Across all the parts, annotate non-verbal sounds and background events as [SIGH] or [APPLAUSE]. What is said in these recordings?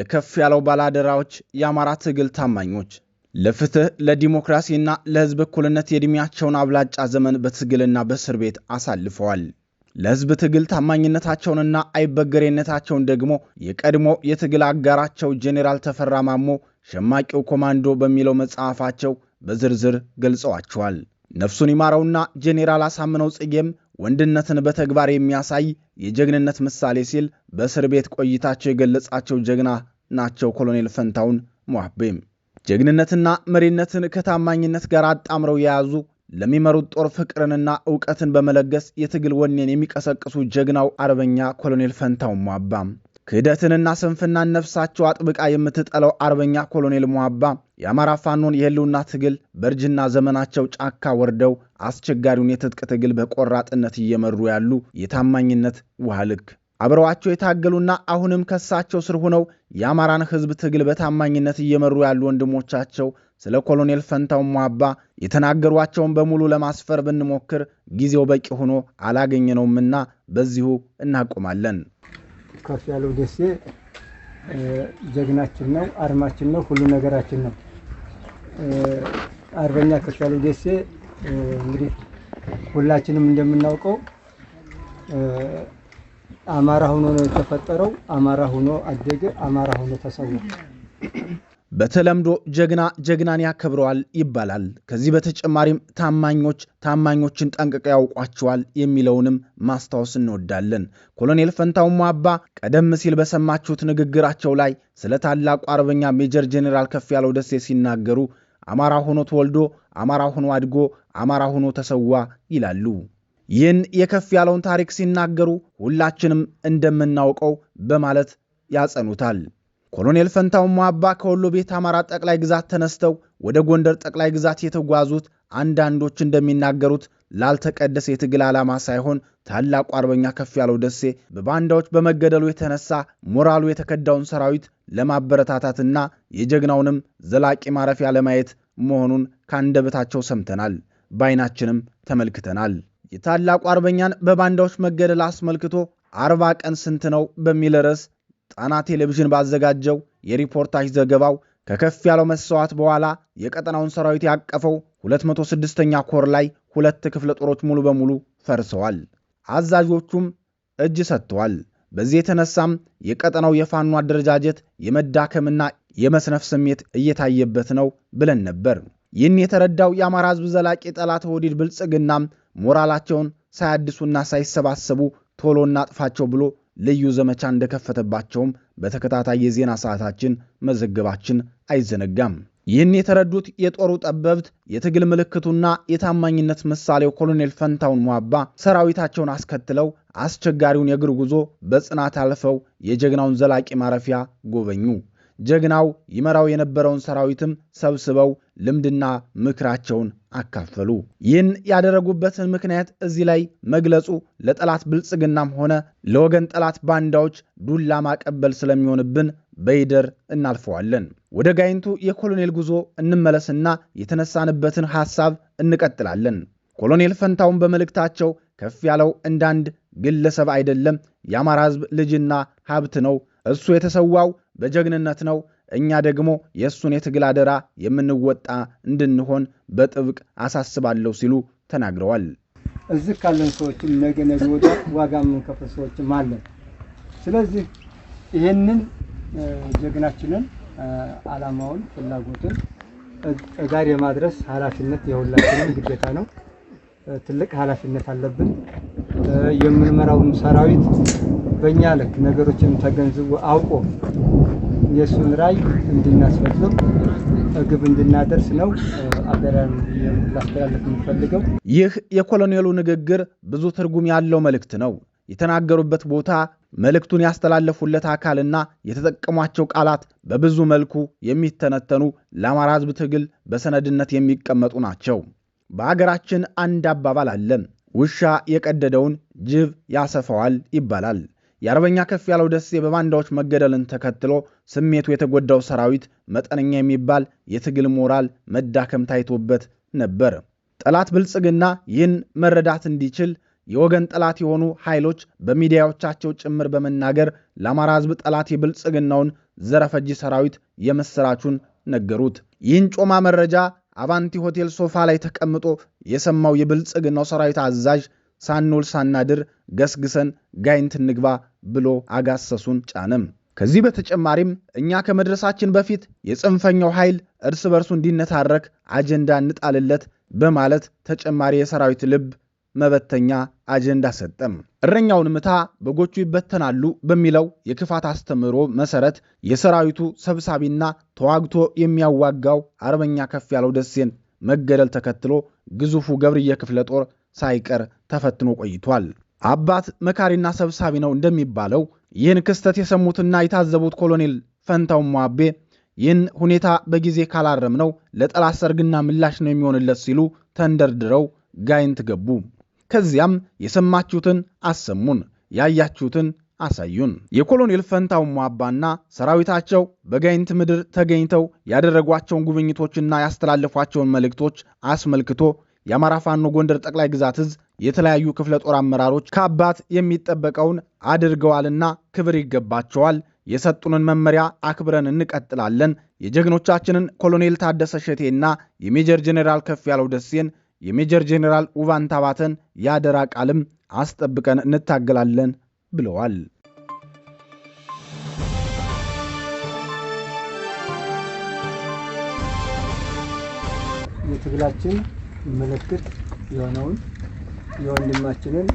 የከፍ ያለው ባላደራዎች የአማራ ትግል ታማኞች ለፍትህ ለዲሞክራሲና ለህዝብ እኩልነት የዕድሜያቸውን አብላጫ ዘመን በትግልና በእስር ቤት አሳልፈዋል። ለህዝብ ትግል ታማኝነታቸውንና አይበገሬነታቸውን ደግሞ የቀድሞ የትግል አጋራቸው ጄኔራል ተፈራ ማሞ ሸማቂው ኮማንዶ በሚለው መጽሐፋቸው በዝርዝር ገልጸዋቸዋል። ነፍሱን ይማረውና ጄኔራል አሳምነው ጽጌም ወንድነትን በተግባር የሚያሳይ የጀግንነት ምሳሌ ሲል በእስር ቤት ቆይታቸው የገለጻቸው ጀግና ናቸው ኮሎኔል ፈንታውን ሟቤም። ጀግንነትና መሪነትን ከታማኝነት ጋር አጣምረው የያዙ ለሚመሩት ጦር ፍቅርንና እውቀትን በመለገስ የትግል ወኔን የሚቀሰቅሱ ጀግናው አርበኛ ኮሎኔል ፈንታውን ሟባም ክህደትንና ስንፍናን ነፍሳቸው አጥብቃ የምትጠለው አርበኛ ኮሎኔል ሟባ የአማራ ፋኖን የህልውና ትግል በእርጅና ዘመናቸው ጫካ ወርደው አስቸጋሪውን የትጥቅ ትግል በቆራጥነት እየመሩ ያሉ የታማኝነት ውሃ ልክ አብረዋቸው የታገሉና አሁንም ከሳቸው ስር ሆነው የአማራን ህዝብ ትግል በታማኝነት እየመሩ ያሉ ወንድሞቻቸው ስለ ኮሎኔል ፈንታው ሟባ የተናገሯቸውን በሙሉ ለማስፈር ብንሞክር ጊዜው በቂ ሆኖ አላገኘነውምና በዚሁ እናቆማለን። ከፍ ያለው ደሴ ጀግናችን ነው፣ አርማችን ነው፣ ሁሉ ነገራችን ነው። አርበኛ ከፍ ያለው ደሴ እንግዲህ ሁላችንም እንደምናውቀው አማራ ሆኖ ነው የተፈጠረው። አማራ ሆኖ አደገ። አማራ ሆኖ ተሰዋ። በተለምዶ ጀግና ጀግናን ያከብረዋል ይባላል። ከዚህ በተጨማሪም ታማኞች ታማኞችን ጠንቅቀው ያውቋቸዋል የሚለውንም ማስታወስ እንወዳለን። ኮሎኔል ፈንታው ሟባ ቀደም ሲል በሰማችሁት ንግግራቸው ላይ ስለ ታላቁ አርበኛ ሜጀር ጄኔራል ከፍያለው ደሴ ሲናገሩ አማራ ሆኖ ተወልዶ አማራ ሆኖ አድጎ አማራ ሆኖ ተሰዋ ይላሉ። ይህን የከፍያለውን ታሪክ ሲናገሩ ሁላችንም እንደምናውቀው በማለት ያጸኑታል። ኮሎኔል ፈንታው ሟባ ከወሎ ቤት አማራ ጠቅላይ ግዛት ተነስተው ወደ ጎንደር ጠቅላይ ግዛት የተጓዙት አንዳንዶች እንደሚናገሩት ላልተቀደሰ የትግል ዓላማ ሳይሆን ታላቁ አርበኛ ከፍ ያለው ደሴ በባንዳዎች በመገደሉ የተነሳ ሞራሉ የተከዳውን ሰራዊት ለማበረታታትና የጀግናውንም ዘላቂ ማረፊያ ለማየት መሆኑን ከአንደበታቸው ሰምተናል፣ በዓይናችንም ተመልክተናል። የታላቁ አርበኛን በባንዳዎች መገደል አስመልክቶ አርባ ቀን ስንት ነው በሚል ርዕስ ጣና ቴሌቪዥን ባዘጋጀው የሪፖርታጅ ዘገባው ከከፍ ያለው መስዋዕት በኋላ የቀጠናውን ሰራዊት ያቀፈው 206ኛ ኮር ላይ ሁለት ክፍለ ጦሮች ሙሉ በሙሉ ፈርሰዋል። አዛዦቹም እጅ ሰጥተዋል። በዚህ የተነሳም የቀጠናው የፋኖ አደረጃጀት የመዳከምና የመስነፍ ስሜት እየታየበት ነው ብለን ነበር። ይህን የተረዳው የአማራ ሕዝብ ዘላቂ ጠላት ወዲድ ብልጽግናም ሞራላቸውን ሳያድሱና ሳይሰባሰቡ ቶሎ እናጥፋቸው ብሎ ልዩ ዘመቻ እንደከፈተባቸውም በተከታታይ የዜና ሰዓታችን መዘገባችን አይዘነጋም። ይህን የተረዱት የጦሩ ጠበብት የትግል ምልክቱና የታማኝነት ምሳሌው ኮሎኔል ፈንታውን ሟባ ሰራዊታቸውን አስከትለው አስቸጋሪውን የእግር ጉዞ በጽናት አልፈው የጀግናውን ዘላቂ ማረፊያ ጎበኙ። ጀግናው ይመራው የነበረውን ሰራዊትም ሰብስበው ልምድና ምክራቸውን አካፈሉ። ይህን ያደረጉበትን ምክንያት እዚህ ላይ መግለጹ ለጠላት ብልጽግናም ሆነ ለወገን ጠላት ባንዳዎች ዱላ ማቀበል ስለሚሆንብን በይደር እናልፈዋለን። ወደ ጋይንቱ የኮሎኔል ጉዞ እንመለስና የተነሳንበትን ሐሳብ እንቀጥላለን። ኮሎኔል ፈንታውን በመልእክታቸው ከፍ ያለው እንዳንድ ግለሰብ አይደለም፣ የአማራ ሕዝብ ልጅና ሀብት ነው። እሱ የተሰዋው በጀግንነት ነው። እኛ ደግሞ የእሱን የትግል አደራ የምንወጣ እንድንሆን በጥብቅ አሳስባለሁ ሲሉ ተናግረዋል። እዚህ ካለን ሰዎችም ነገ ነገ ወዲያ ዋጋ የምንከፍል ሰዎችም አለን። ስለዚህ ይህንን ጀግናችንን አላማውን ፍላጎትን ጋር የማድረስ ኃላፊነት የሁላችንም ግዴታ ነው። ትልቅ ኃላፊነት አለብን። የምንመራውን ሰራዊት በእኛ ልክ ነገሮችን ተገንዝቦ አውቆ የእሱን ራይ እንድናስፈጽም እግብ እንድናደርስ ነው አደራን ላስተላለፍ የምፈልገው። ይህ የኮሎኔሉ ንግግር ብዙ ትርጉም ያለው መልእክት ነው። የተናገሩበት ቦታ፣ መልእክቱን ያስተላለፉለት አካልና የተጠቀሟቸው ቃላት በብዙ መልኩ የሚተነተኑ ለአማራ ሕዝብ ትግል በሰነድነት የሚቀመጡ ናቸው። በአገራችን አንድ አባባል አለን። ውሻ የቀደደውን ጅብ ያሰፋዋል ይባላል። የአርበኛ ከፍ ያለው ደሴ በባንዳዎች መገደልን ተከትሎ ስሜቱ የተጎዳው ሰራዊት መጠነኛ የሚባል የትግል ሞራል መዳከም ታይቶበት ነበር። ጠላት ብልጽግና ይህን መረዳት እንዲችል የወገን ጠላት የሆኑ ኃይሎች በሚዲያዎቻቸው ጭምር በመናገር ለአማራ ሕዝብ ጠላት የብልጽግናውን ዘረፈጂ ሰራዊት የምስራቹን ነገሩት። ይህን ጮማ መረጃ አቫንቲ ሆቴል ሶፋ ላይ ተቀምጦ የሰማው የብልጽግናው ሰራዊት አዛዥ ሳንውል ሳናድር ገስግሰን ጋይንት እንግባ ብሎ አጋሰሱን ጫንም። ከዚህ በተጨማሪም እኛ ከመድረሳችን በፊት የጽንፈኛው ኃይል እርስ በርሱ እንዲነታረክ አጀንዳ እንጣልለት በማለት ተጨማሪ የሰራዊት ልብ መበተኛ አጀንዳ ሰጠም። እረኛውን ምታ በጎቹ ይበተናሉ በሚለው የክፋት አስተምህሮ መሰረት የሰራዊቱ ሰብሳቢና ተዋግቶ የሚያዋጋው አርበኛ ከፍ ያለው ደሴን መገደል ተከትሎ ግዙፉ ገብርዬ ክፍለ ጦር ሳይቀር ተፈትኖ ቆይቷል። አባት መካሪና ሰብሳቢ ነው እንደሚባለው ይህን ክስተት የሰሙትና የታዘቡት ኮሎኔል ፈንታው ሟቤ ይህን ሁኔታ በጊዜ ካላረም ነው ለጠላት ሰርግና ምላሽ ነው የሚሆንለት ሲሉ ተንደርድረው ጋይንት ገቡ። ከዚያም የሰማችሁትን አሰሙን፣ ያያችሁትን አሳዩን። የኮሎኔል ፈንታው ሟባና ሰራዊታቸው በጋይንት ምድር ተገኝተው ያደረጓቸውን ጉብኝቶችና ያስተላለፏቸውን መልእክቶች አስመልክቶ የአማራ ፋኖ ጎንደር ጠቅላይ ግዛት እዝ የተለያዩ ክፍለ ጦር አመራሮች ከአባት የሚጠበቀውን አድርገዋልና ክብር ይገባቸዋል። የሰጡንን መመሪያ አክብረን እንቀጥላለን። የጀግኖቻችንን ኮሎኔል ታደሰ ሸቴና የሜጀር ጄኔራል ከፍ ያለው ደሴን የሜጀር ጄኔራል ውቫንታባተን የአደራ ቃልም አስጠብቀን እንታገላለን ብለዋል። የትግላችን ምልክት የሆነውን የወንድማችንን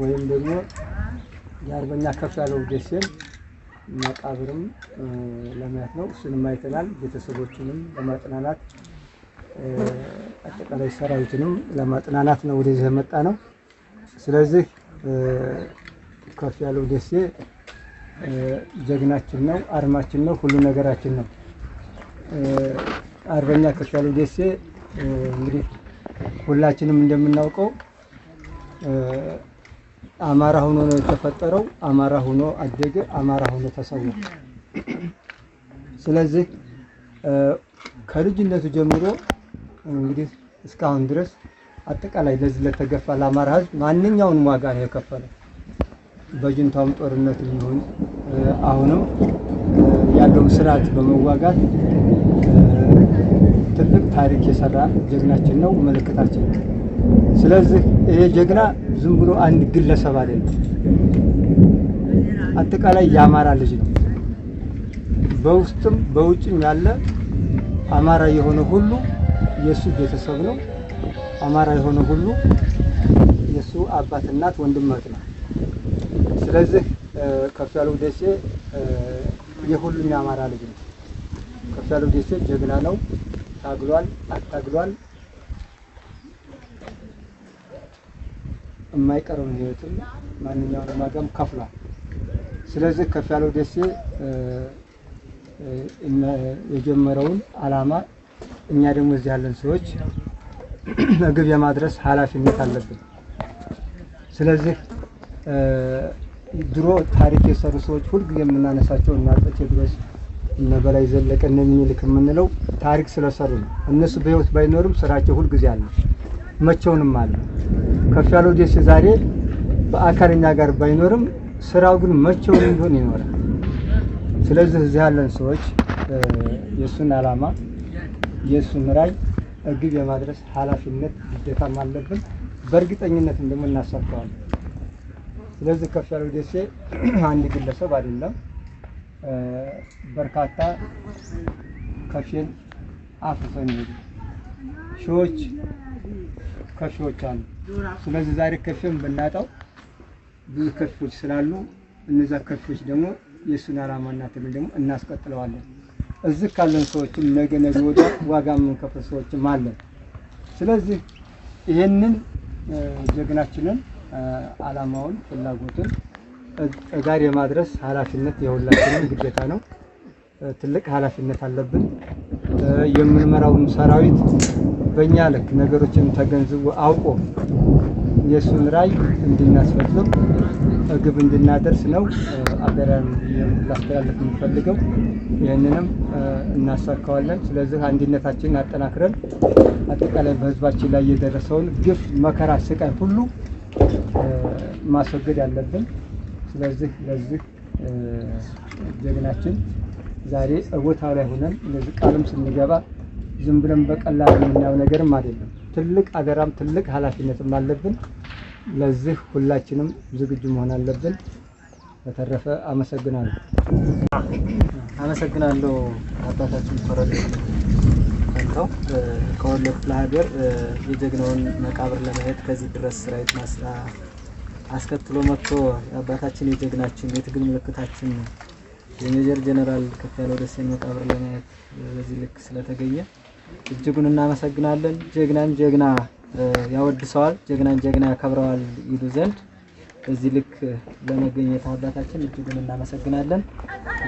ወይም ደግሞ የአርበኛ ከፍ ያለው ደሴን መቃብርም ለማየት ነው። እሱንም አይተናል። ቤተሰቦቹንም ለማጽናናት አጠቃላይ ሰራዊትንም ለማጽናናት ነው ወደዚህ የመጣ ነው። ስለዚህ ያለው ደሴ ጀግናችን ነው፣ አርማችን ነው፣ ሁሉ ነገራችን ነው። አርበኛ ያለው ደሴ እንግዲህ ሁላችንም እንደምናውቀው አማራ ሆኖ ነው የተፈጠረው። አማራ ሆኖ አደገ። አማራ ሆኖ ተሰዋ። ስለዚህ ከልጅነቱ ጀምሮ እንግዲህ እስካሁን ድረስ አጠቃላይ ለዚህ ለተገፋ ለአማራ ሕዝብ ማንኛውንም ዋጋ ነው የከፈለው። በጅንታውም ጦርነት ይሁን አሁንም ያለውን ስርዓት በመዋጋት ታሪክ የሰራ ጀግናችን ነው፣ ምልክታችን ነው። ስለዚህ ይሄ ጀግና ዝም ብሎ አንድ ግለሰብ አይደለም፣ አጠቃላይ የአማራ ልጅ ነው። በውስጥም በውጭም ያለ አማራ የሆነ ሁሉ የእሱ ቤተሰብ ነው። አማራ የሆነ ሁሉ የእሱ አባት፣ እናት፣ ወንድም ነው። ስለዚህ ያለው ደሴ የሁሉም የአማራ ልጅ ነው። ከፍያለው ደሴ ጀግና ነው። ታግሏል፣ አታግሏል። የማይቀረውን ህይወትም ማንኛውንም ዋጋም ከፍሏል። ስለዚህ ከፍ ያለው ደሴ የጀመረውን አላማ እኛ ደግሞ እዚህ ያለን ሰዎች ምግብ [CLEARS THROAT] የማድረስ ኃላፊነት አለብን። ስለዚህ ድሮ ታሪክ የሰሩ ሰዎች ሁልጊዜ የምናነሳቸው እናጠ ድረስ እነ በላይ ዘለቀ እነ ሚኒልክ የምንለው ታሪክ ስለሰሩ ነው። እነሱ በህይወት ባይኖርም ስራቸው ሁልጊዜ አለ፣ መቼውንም አለ። ከፍ ያለው ደሴ ዛሬ በአካልኛ ጋር ባይኖርም ስራው ግን መቼውንም ቢሆን ይኖራል። ስለዚህ እዚህ ያለን ሰዎች የእሱን አላማ የእሱን ራዕይ እግብ የማድረስ ኃላፊነት ግዴታም አለብን። በእርግጠኝነት ደግሞ እናሳካዋለን። ስለዚህ ከፍያለው ደሴ አንድ ግለሰብ አይደለም። በርካታ ከፊል አፍርሰን ሺዎች ከፊዎች አሉ። ስለዚህ ዛሬ ከብትም ብናጣው ብዙ ከፊዎች ስላሉ እነዛ ከፊዎች ደግሞ የእሱን ዓላማና ትግል ደግሞ እናስቀጥለዋለን። እዚህ ካለን ሰዎችም ነገ ነገ ዋጋ የምንከፍል ሰዎችም አለን። ስለዚህ ይህንን ጀግናችንን ዓላማውን ፍላጎትን ጋር የማድረስ ኃላፊነት የሁላችንም ግዴታ ነው። ትልቅ ኃላፊነት አለብን። የምንመራውን ሰራዊት በእኛ ልክ ነገሮችን ተገንዝቦ አውቆ የእሱን ራዕይ እንድናስፈጽም ግብ እንድናደርስ ነው አገራን ላስተላለፍ የምንፈልገው። ይህንንም እናሳካዋለን። ስለዚህ አንድነታችንን አጠናክረን አጠቃላይ በህዝባችን ላይ የደረሰውን ግፍ፣ መከራ፣ ስቃይ ሁሉ ማስወገድ ያለብን ስለዚህ ለዚህ ጀግናችን ዛሬ ቦታ ላይ ሆነን እንደዚህ ቃልም ስንገባ ዝም ብለን በቀላል የምናየው ነገርም አይደለም። ትልቅ አደራም ትልቅ ኃላፊነትም አለብን። ለዚህ ሁላችንም ዝግጁ መሆን አለብን። በተረፈ አመሰግናለሁ። አመሰግናለሁ አባታችን ኮሎኔል ፈንተው ከወሎ ክፍለ ሀገር የጀግናውን መቃብር ለማየት ከዚህ ድረስ ስራዊት ማስራ አስከትሎ መጥቶ የአባታችን የጀግናችን የትግል ምልክታችን የሜጀር ጀነራል ከፍያለው ደሴን መቃብር ለማየት በዚህ ልክ ስለተገኘ እጅጉን እናመሰግናለን። ጀግናን ጀግና ያወድሰዋል፣ ጀግናን ጀግና ያከብረዋል ይሉ ዘንድ በዚህ ልክ ለመገኘት አባታችን እጅጉን እናመሰግናለን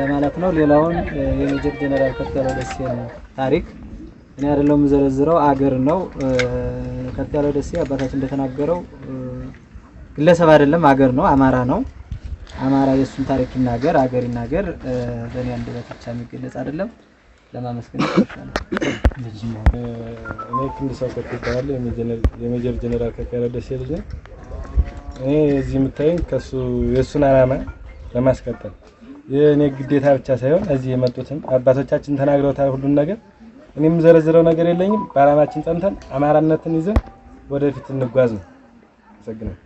ለማለት ነው። ሌላውን የሜጀር ጀነራል ከፍያለው ደሴን ታሪክ እኔ አይደለሁም ዘረዝረው አገር ነው። ከፍያለው ደሴ አባታችን እንደተናገረው ግለሰብ አይደለም፣ አገር ነው። አማራ ነው። አማራ የእሱን ታሪክ ይናገር፣ አገር ይናገር። በእኔ አንድ በታቻ የሚገለጽ አይደለም። ለማመስገን እኔ ክንድ ሰው ይባላል። የሜጀር ጀኔራል ከፍ ደሴ ልጅ እኔ እዚህ የምታየኝ ከሱ የእሱን አላማ ለማስቀጠል የእኔ ግዴታ ብቻ ሳይሆን እዚህ የመጡትን አባቶቻችን ተናግረውታል ሁሉን ነገር። እኔ የምዘረዝረው ነገር የለኝም። በአላማችን ጸንተን አማራነትን ይዘን ወደፊት እንጓዝ ነው። አመሰግናለሁ።